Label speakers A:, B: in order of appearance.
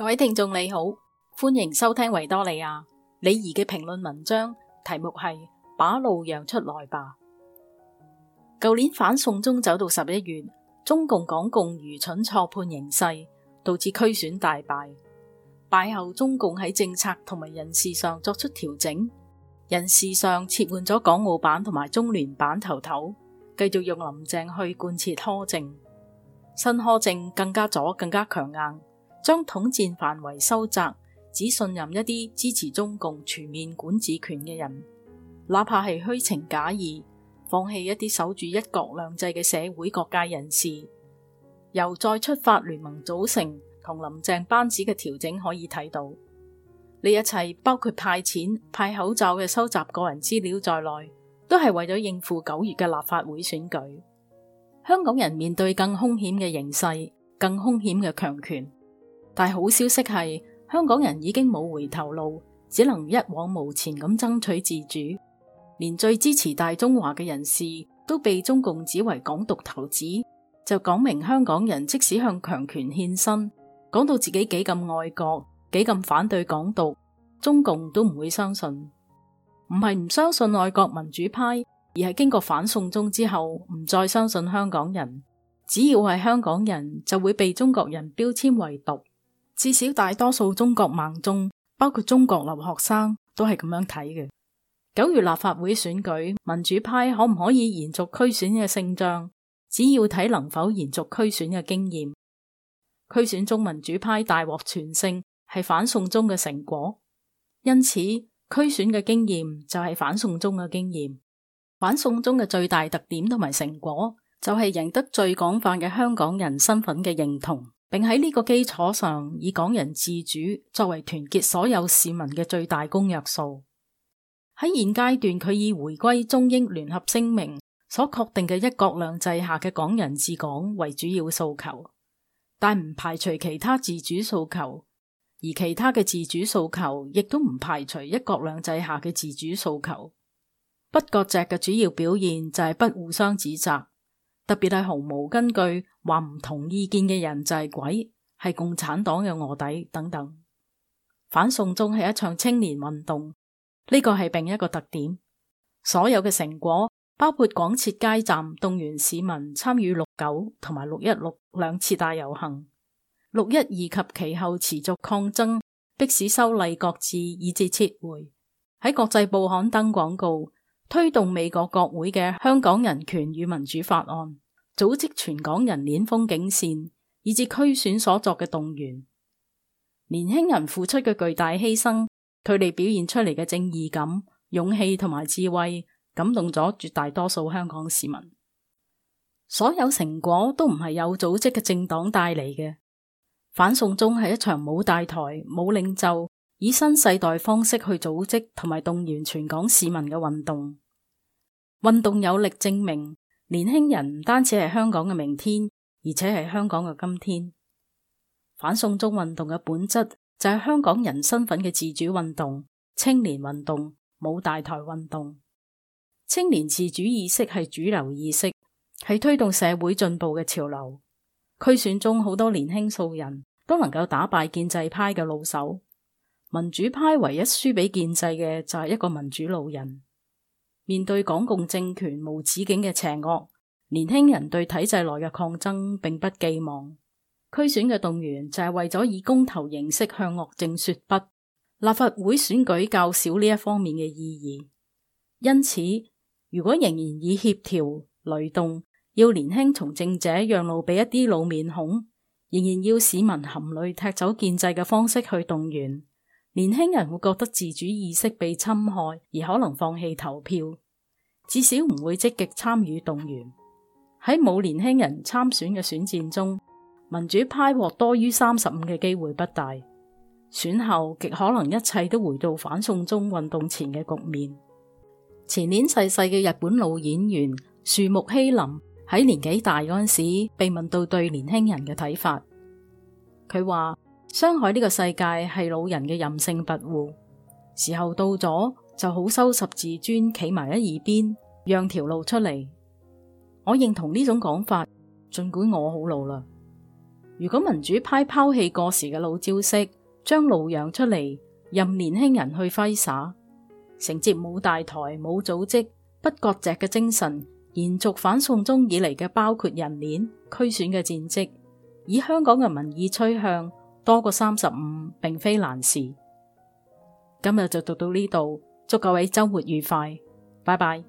A: 各位聽眾你好，歡迎收聽維多利亞李怡嘅評論文章，題目係把路讓出來吧。舊年反送中走到十一月，中共港共愚蠢錯判形勢，導致區選大敗。敗後中共喺政策同埋人事上作出調整，人事上撤換咗港澳辦同埋中聯辦頭頭，繼續用林鄭去貫徹苛政，新苛政更加左，更加強硬。將統戰範圍收窄，只信任一啲支持中共全面管治權嘅人，哪怕係虛情假意，放棄一啲守住一國兩制嘅社會各界人士，由再出發聯盟組成同林鄭班子嘅調整可以睇到，呢一切包括派錢派口罩嘅收集個人資料在內，都係為咗應付九月嘅立法會選舉。香港人面對更凶險嘅形勢，更凶惡嘅強權。但係好消息係，香港人已經冇回頭路，只能一往無前咁爭取自主。連最支持大中華嘅人士都被中共指為港獨頭子，就講明香港人即使向強權獻身，講到自己幾咁愛國，幾咁反對港獨，中共都唔會相信。唔係唔相信愛國民主派，而係經過反送中之後，唔再相信香港人。只要係香港人，就會被中國人標籤為獨。至少大多數中國盲眾，包括中國留學生，都係咁樣睇嘅。九月立法會選舉，民主派可唔可以延續區選嘅勝仗，只要睇能否延續區選嘅經驗。區選中民主派大獲全勝，係反送中嘅成果，因此區選嘅經驗就係反送中嘅經驗。反送中嘅最大特點同埋成果，就係贏得最廣泛嘅香港人身份嘅認同。並喺呢個基礎上，以港人自主作為團結所有市民嘅最大公約數。喺現階段，佢以回歸中英聯合聲明所確定嘅一國兩制下嘅港人治港為主要訴求，但唔排除其他自主訴求。而其他嘅自主訴求，亦都唔排除一國兩制下嘅自主訴求。不割席嘅主要表現就係不互相指責。特別係毫無根據話唔同意見嘅人就係鬼，係共產黨嘅臥底等等。反送中係一場青年運動，呢個係另一個特點。所有嘅成果包括廣設街站，動員市民參與六九同埋六一六兩次大遊行，六一二及其後持續抗爭，迫使修例擱置以致撤回，喺國際報刊登廣告。推動美國國會嘅香港人權與民主法案，組織全港人鏈風景線，以至區選所作嘅動員，年輕人付出嘅巨大犧牲，佢哋表現出嚟嘅正義感、勇氣同埋智慧，感動咗絕大多數香港市民。所有成果都唔係有組織嘅政黨帶嚟嘅，反送中係一場冇大台、冇領袖，以新世代方式去組織同埋動員全港市民嘅運動。運動有力證明，年輕人唔單止係香港嘅明天，而且係香港嘅今天。反送中運動嘅本質就係香港人身份嘅自主運動、青年運動、冇大台運動。青年自主意識係主流意識，係推動社會進步嘅潮流。區選中好多年輕素人都能夠打敗建制派嘅老手，民主派唯一輸俾建制嘅就係一個民主老人。面對港共政權無止境嘅邪惡，年輕人對體制內嘅抗爭並不寄望。區選嘅動員就係為咗以公投形式向惡政說不。立法會選舉較少呢一方面嘅意義，因此如果仍然以協調、雷動，要年輕從政者讓路俾一啲老面孔，仍然要市民含淚踢走建制嘅方式去動員。年輕人會覺得自主意識被侵害，而可能放棄投票，至少唔會積極參與動員。喺冇年輕人參選嘅選戰中，民主派獲多於三十五嘅機會不大，選後極可能一切都回到反送中運動前嘅局面。前年逝世嘅日本老演員樹木希林喺年紀大嗰陣時，被問到對年輕人嘅睇法，佢話，傷害呢個世界係老人嘅任性跋扈，時候到咗就好，收拾自尊，企埋喺一邊，讓條路出嚟。我認同呢種講法，盡管我好老啦。如果民主派拋棄過時嘅老招式，將路讓出嚟，任年輕人去揮灑，承接冇大台冇組織、不割席嘅精神，延續反送中以嚟嘅包括人鏈、區選嘅戰績，以香港嘅民意趨向。多過三十五，並非難事。今日就讀到呢度，祝各位周末愉快，拜拜。